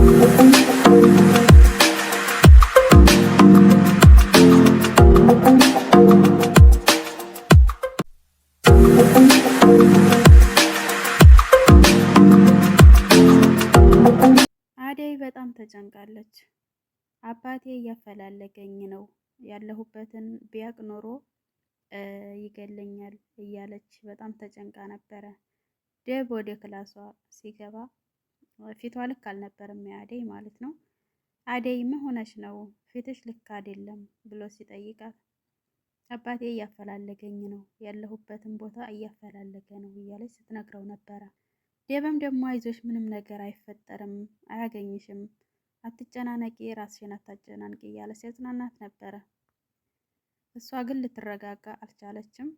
አደይ በጣም ተጨንቃለች። አባቴ እያፈላለገኝ ነው ያለሁበትን ቢያቅ ኖሮ ይገለኛል እያለች በጣም ተጨንቃ ነበረ። ደብ ወደ ክላሷ ሲገባ ፊቷ ልክ አልነበረም የአደይ ማለት ነው። አደይ ምን ሆነሽ ነው ፊትሽ ልክ አይደለም ብሎ ሲጠይቃት አባቴ እያፈላለገኝ ነው ያለሁበትን ቦታ እያፈላለገ ነው እያለች ስትነግረው ነበረ። ደበም ደግሞ አይዞሽ ምንም ነገር አይፈጠርም፣ አያገኝሽም፣ አትጨናነቂ፣ ራስሽን አታጨናንቂ እያለ ሲያጽናናት ነበረ። እሷ ግን ልትረጋጋ አልቻለችም።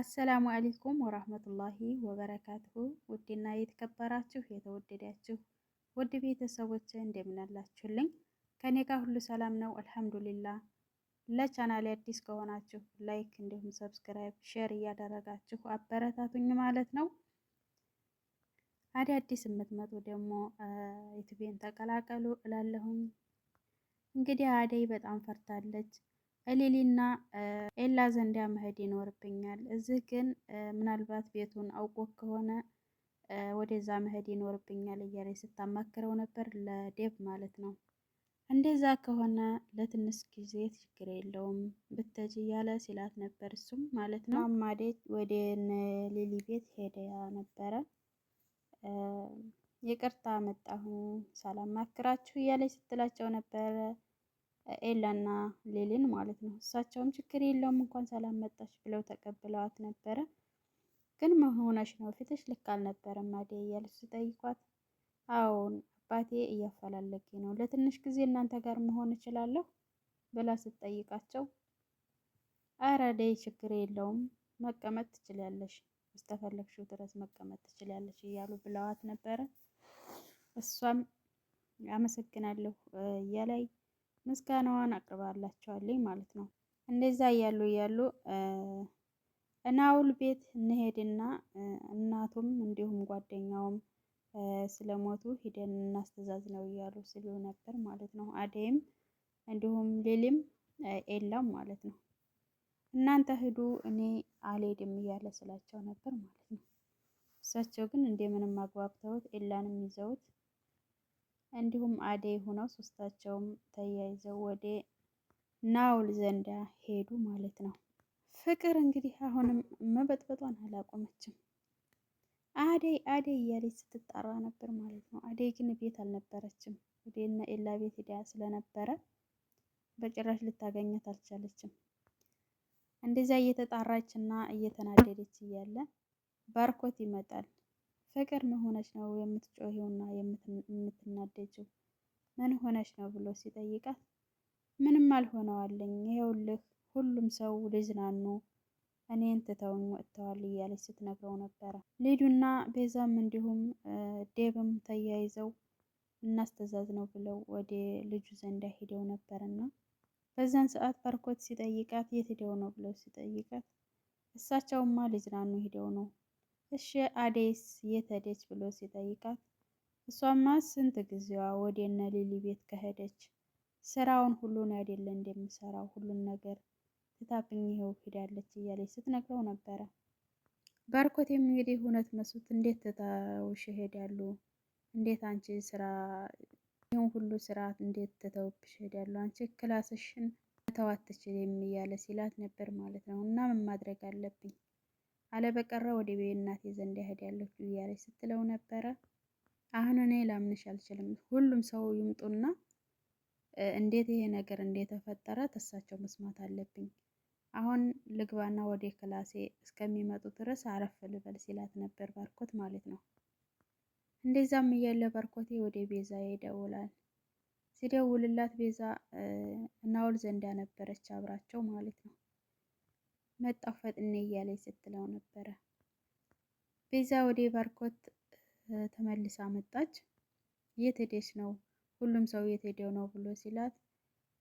አሰላሙ አሌይኩም ወራህመቱላሂ ወበረካቱሁ ውድና የተከበራችሁ የተወደዳችሁ ውድ ቤተሰቦች እንደምናላችሁልኝ ከኔ ጋር ሁሉ ሰላም ነው አልሐምዱሊላ። ለቻናሌ አዲስ ከሆናችሁ ላይክ፣ እንዲሁም ሰብስክራይብ፣ ሼር እያደረጋችሁ አበረታቱኝ ማለት ነው። አዳዲስ የምትመጡ ደግሞ ዩቲዩብን ተቀላቀሉ እላለሁኝ። እንግዲህ አደይ በጣም ፈርታለች። እሌሊና ኤላ ዘንዳ መሄድ ይኖርብኛል። እዚህ ግን ምናልባት ቤቱን አውቆ ከሆነ ወደዛ መሄድ ይኖርብኛል እያለ ስታማክረው ነበር፣ ለዴብ ማለት ነው። እንደዛ ከሆነ ለትንሽ ጊዜ ችግር የለውም ብተጅ እያለ ሲላት ነበር። እሱም ማለት ነው አማዴ ወደ ሊሊ ቤት ሄደ ነበረ። ይቅርታ መጣሁ ሳላማክራችሁ እያለች ስትላቸው ነበረ። ኤላና ሌሊን ማለት ነው። እሳቸውም ችግር የለውም እንኳን ሰላም መጣች ብለው ተቀብለዋት ነበረ። ግን መሆነሽ ነው ፊትሽ ልክ አልነበረም አደይ እያለች ስጠይቋት፣ አዎን አባቴ እያፈላለገ ነው ለትንሽ ጊዜ እናንተ ጋር መሆን እችላለሁ ብላ ስትጠይቃቸው፣ ኧረ አደይ ችግር የለውም መቀመጥ ትችላለሽ እስከፈለግሽው ድረስ መቀመጥ ትችላለሽ እያሉ ብለዋት ነበረ። እሷም አመሰግናለሁ እያላይ ምስጋናዋን አቅርባላቸዋለኝ ማለት ነው። እንደዛ እያሉ እያሉ እናውል ቤት እንሄድና እናቱም እንዲሁም ጓደኛውም ስለሞቱ ሂደን ነው እያሉ ሲሉ ነበር ማለት ነው። አደይም እንዲሁም ሌሊም ኤላም ማለት ነው። እናንተ ሂዱ እኔ አልሄድም እያለ ስላቸው ነበር ማለት ነው። እሳቸው ግን እንደምንም አግባብተውት ኤላንም ይዘውት እንዲሁም አደይ ሆነው ሶስታቸውም ተያይዘው ወደ ናውል ዘንዳ ሄዱ ማለት ነው። ፍቅር እንግዲህ አሁንም መበጥበጧን አላቆመችም። አደይ አደይ እያለች ስትጣራ ነበር ማለት ነው። አደይ ግን ቤት አልነበረችም። ወደ ኤላ ቤት ሄዳ ስለነበረ በጭራሽ ልታገኘት አልቻለችም። እንደዚያ እየተጣራች እና እየተናደደች እያለ ባርኮት ይመጣል። ፍቅር ምን ሆነች ነው የምትጮሂውና የምትናደጀው ምን ሆነች ነው ብሎ ሲጠይቃት ምንም አልሆነዋለኝ፣ ይኸውልህ ሁሉም ሰው ሊዝናኑ እኔን ትተውኝ ወጥተዋል እያለች ስትነግረው ነበረ። ሊዱና ቤዛም እንዲሁም ዴብም ተያይዘው እናስተዛዝ ነው ብለው ወደ ልጁ ዘንድ ሂደው ነበርና በዛን ሰዓት ባርኮት ሲጠይቃት የት ሂደው ነው ብለው ሲጠይቃት እሳቸውማ ሊዝናኑ ሂደው ነው እሺ አደይስ የት ሄደች ብሎ ሲጠይቃት እሷማ ስንት ጊዜዋ ወደነ ሊሊ ቤት ከሄደች ስራውን ሁሉን አይደለ እንደምሰራው ሁሉን ነገር ትታብኝ ይኸው ሄዳለች እያለች ስትነግረው ነበረ። ባርኮቴም እንግዲህ እውነት መስሎት እንዴት ትተውሽ ሄዳሉ? እንዴት አንቺ ስራ ይሁን ሁሉ ስራ እንዴት ትተውብሽ ሄዳሉ? አንቺ ክላስሽን ተዋትችል የሚያለ ሲላት ነበር ማለት ነው። እና ምን ማድረግ አለብኝ አለበቀረ ወደ ቤት እናቴ ዘንድ ያህድ ያለች እያለች ስትለው ነበረ። አሁን እኔ ላምንሽ አልችልም። ሁሉም ሰው ይምጡና እንዴት ይሄ ነገር እንደተፈጠረ ተሳቸው መስማት አለብኝ። አሁን ልግባና ወደ ክላሴ እስከሚመጡ ድረስ አረፍ ልበል ሲላት ነበር ባርኮት ማለት ነው። እንደዛም እያለ ባርኮቴ ወደ ቤዛ ይደውላል። ሲደውልላት ቤዛ እናውል ዘንዳ ነበረች አብራቸው ማለት ነው። መጣሁ ፈጥኔ እያለኝ ስትለው ነበረ። ቤዛ ወደ ባርኮት ተመልሳ መጣች። የት ሄደሽ ነው? ሁሉም ሰው የት ሄደው ነው ብሎ ሲላት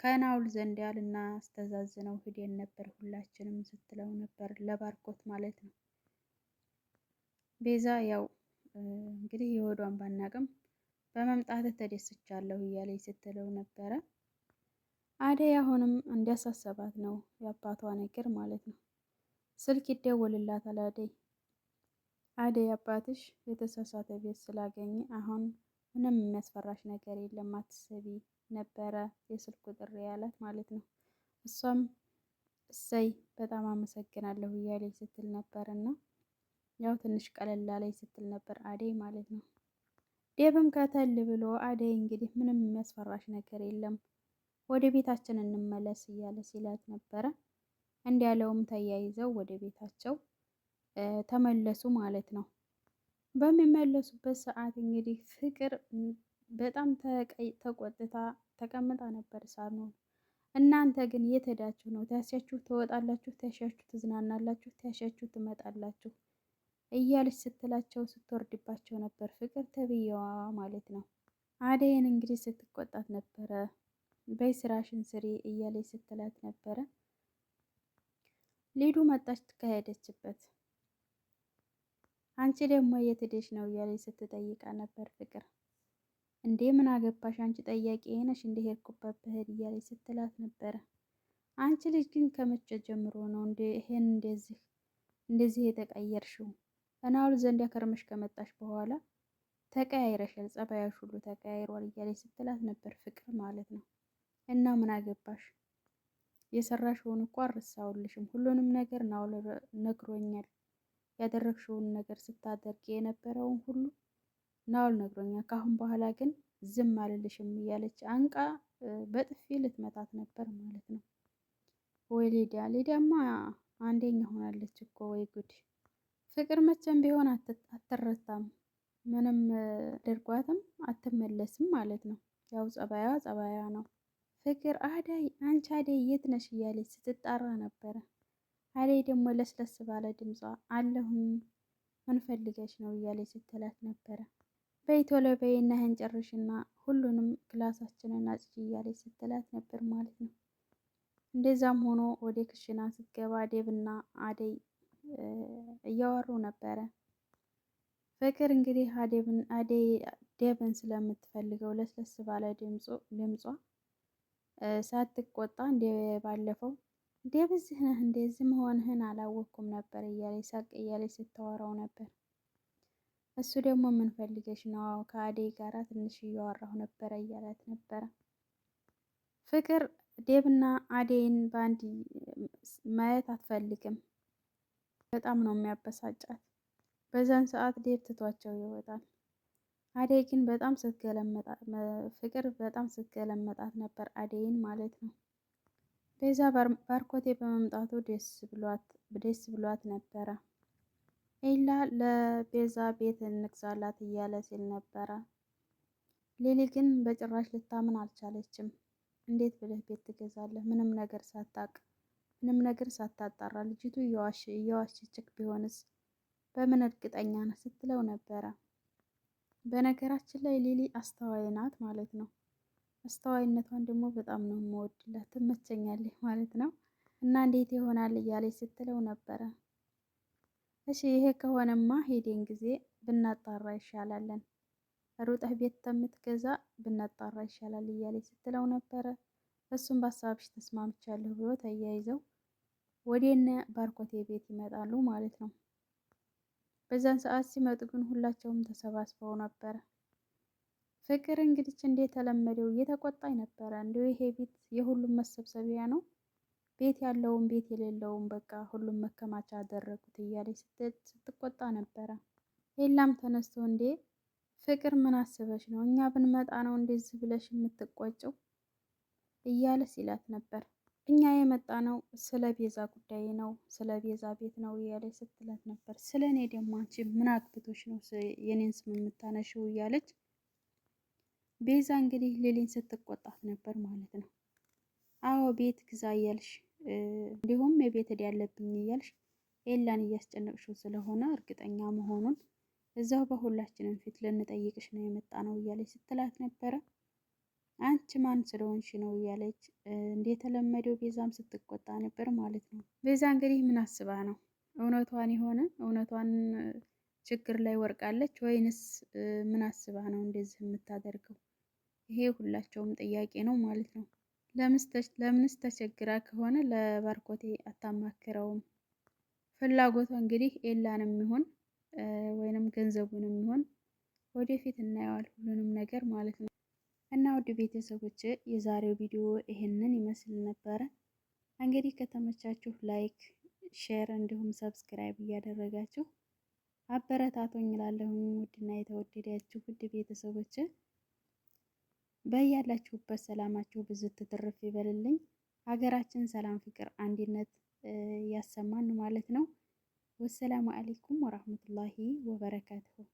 ከናውል ዘንድ ያልና አስተዛዝነው ሂደን ነበር ሁላችንም ስትለው ነበር፣ ለባርኮት ማለት ነው። ቤዛ ያው እንግዲህ የወዷን ባናቅም በመምጣት ተደስቻለሁ እያለኝ ስትለው ነበረ። አደይ አሁንም እንዲያሳሰባት ነው የአባቷ ነገር ማለት ነው። ስልክ ይደወልላታል። አደይ አደይ አባትሽ የተሳሳተ ቤት ስላገኘ አሁን ምንም የሚያስፈራሽ ነገር የለም አትሰቢ ነበረ የስልክ ቁጥር ያላት ማለት ነው። እሷም እሰይ በጣም አመሰግናለሁ እያለኝ ስትል ነበር እና ያው ትንሽ ቀለላ ላይ ስትል ነበር አደይ ማለት ነው። ዴብም ከተል ብሎ አደይ እንግዲህ ምንም የሚያስፈራሽ ነገር የለም ወደ ቤታችን እንመለስ እያለ ሲላት ነበረ። እንዲያለውም ተያይዘው ወደ ቤታቸው ተመለሱ ማለት ነው። በሚመለሱበት ሰዓት እንግዲህ ፍቅር በጣም ተቆጥታ ተቀምጣ ነበር ሳሎን። እናንተ ግን የት ሄዳችሁ ነው? ተያሻችሁ ትወጣላችሁ፣ ታሻችሁ ትዝናናላችሁ፣ ታሻችሁ ትመጣላችሁ እያለች ስትላቸው ስትወርድባቸው ነበር ፍቅር ተብዬዋ ማለት ነው። አደይን እንግዲህ ስትቆጣት ነበረ። በይ ስራሽን ስሪ እያለች ስትላት ነበረ። ሊዱ መጣች ከሄደችበት። አንቺ ደግሞ የት ሄደሽ ነው እያለች ስትጠይቃ ነበር ፍቅር። እንዴ ምን አገባሽ አንቺ ጠያቂ ነሽ እንደ ሄድኩበት ብሄድ እያለች ስትላት ነበረ። አንቺ ልጅ ግን ከመቼ ጀምሮ ነው እንዴ ይሄን እንደዚህ እንደዚህ የተቀየርሽው? እናሉ ዘንድ ያከርመሽ ከመጣሽ በኋላ ተቀያይረሻል፣ ጸባያሽ ሁሉ ተቀያይሯል እያለች ስትላት ነበር ፍቅር ማለት ነው። እና ምን አገባሽ የሰራሽውን እኮ አልረሳሁልሽም። ሁሉንም ነገር ናኦል ነግሮኛል። ያደረግሽውን ነገር ስታደርጊ የነበረውን ሁሉ ናኦል ነግሮኛል። ከአሁን በኋላ ግን ዝም አልልሽም እያለች አንቃ በጥፊ ልትመታት ነበር ማለት ነው። ወይ ሊዲያ ሊዲያማ አንደኛ ሆናለች እኮ ወይ ጉድ! ፍቅር መቼም ቢሆን አትረታም። ምንም አድርጓትም አትመለስም ማለት ነው። ያው ጸባያ ጸባያ ነው። ፍቅር አደይ አንቺ አደይ የት ነሽ እያለች ስትጣራ ነበረ። አደይ ደግሞ ለስለስ ባለ ድምጿ አለሁም ምን ፈልገሽ ነው እያለች ስትላት ነበረ። በኢቶሎ በይና ይህን ጨርሽና ሁሉንም ግላሳችንን አጽጂ እያለች ስትላት ነበር ማለት ነው። እንደዛም ሆኖ ወደ ክሽና ስትገባ ዴብና አደይ እያወሩ ነበረ። ፍቅር እንግዲህ ዴብን ስለምትፈልገው ለስለስ ባለ ድምጿ ሳትቆጣ እንደ ባለፈው እንደ በዚህ ነህ እንደዚህ መሆንህን አላወቅኩም ነበር እያለች ሳቅ እያለች ስታወራው ነበር። እሱ ደግሞ ምን ፈልገሽ ነው? ከአዴ ጋር ትንሽ እያወራሁ ነበረ እያላት ነበረ። ፍቅር ዴብና አደይን በአንድ ማየት አትፈልግም። በጣም ነው የሚያበሳጫት። በዛን ሰዓት ዴብ ትቷቸው ይወጣል። አደይ ግን በጣም ስትገለመጣት ፍቅር በጣም ስትገለመጣት ነበር አደይን ማለት ነው። ቤዛ ባርኮቴ በመምጣቱ ደስ ብሏት ነበረ። ኤላ ለቤዛ ቤት እንግዛላት እያለ ሲል ነበረ። ሌሊ ግን በጭራሽ ልታምን አልቻለችም። እንዴት ብለህ ቤት ትገዛለህ? ምንም ነገር ሳታቅ ምንም ነገር ሳታጣራ ልጅቱ እየዋሸችክ ቢሆንስ በምን እርግጠኛ ነህ ስትለው ነበረ። በነገራችን ላይ ሊሊ አስተዋይ ናት ማለት ነው። አስተዋይነቷን ደግሞ በጣም ነው የምወድላት፣ ትመቸኛለች ማለት ነው። እና እንዴት ይሆናል እያለች ስትለው ነበረ። እሺ ይሄ ከሆነማ ሄደን ጊዜ ብናጣራ ይሻላለን፣ ሩጠህ ቤት ተምትገዛ ብናጣራ ይሻላል እያለች ስትለው ነበረ። እሱም በሀሳብሽ ተስማምቻለሁ ብሎ ተያይዘው ወደነ ባርኮቴ ቤት ይመጣሉ ማለት ነው። በዛን ሰዓት ሲመጡ ግን ሁላቸውም ተሰባስበው ነበረ። ፍቅር እንደ እንደተለመደው እየተቆጣኝ ነበረ። እንዲሁ ይሄ ቤት የሁሉም መሰብሰቢያ ነው፣ ቤት ያለውም ቤት የሌለውም በቃ ሁሉም መከማቻ አደረጉት እያለች ስትቆጣ ነበረ። ሌላም ተነስቶ እንዴ ፍቅር ምን አስበሽ ነው? እኛ ብንመጣ ነው እንደዚህ ብለሽ የምትቆጭው? እያለ ሲላት ነበር። እኛ የመጣ ነው ስለ ቤዛ ጉዳይ ነው፣ ስለ ቤዛ ቤት ነው እያለች ስትላት ነበር። ስለ እኔ ደግሞ አንቺ ምን አግብቶች ነው የኔን ስም የምታነሽው? እያለች ቤዛ እንግዲህ ሊሊን ስትቆጣት ነበር ማለት ነው። አዎ ቤት ግዛ እያልሽ እንዲሁም የቤት ዕዳ ያለብኝ እያልሽ ኤላን እያስጨነቅሽው ስለሆነ እርግጠኛ መሆኑን እዛው በሁላችንም ፊት ልንጠይቅሽ ነው የመጣ ነው እያለች ስትላት ነበረ። አንቺ ማን ስለሆንሽ ነው እያለች እንደተለመደው ቤዛም ስትቆጣ ነበር ማለት ነው። ቤዛ እንግዲህ ምን አስባ ነው እውነቷን የሆነ እውነቷን ችግር ላይ ወርቃለች ወይንስ ምን አስባ ነው እንደዚህ የምታደርገው? ይሄ ሁላቸውም ጥያቄ ነው ማለት ነው። ለምንስ ተቸግራ ከሆነ ለባርኮቴ አታማክረውም? ፍላጎቷ እንግዲህ ኤላንም ይሁን ወይንም ገንዘቡንም ይሁን ወደፊት እናየዋል ሁሉንም ነገር ማለት ነው። እና ውድ ቤተሰቦች የዛሬው ቪዲዮ ይህንን ይመስል ነበረ። እንግዲህ ከተመቻችሁ ላይክ፣ ሼር እንዲሁም ሰብስክራይብ እያደረጋችሁ አበረታቶኝ ላለሁ ውድና የተወደዳችሁ ውድ ቤተሰቦች በያላችሁበት ሰላማችሁ ብዙ ትትርፍ ይበልልኝ። ሀገራችን ሰላም፣ ፍቅር፣ አንድነት ያሰማን ማለት ነው። ወሰላሙ አሌይኩም ወራህመቱላሂ ወበረካቱሁ።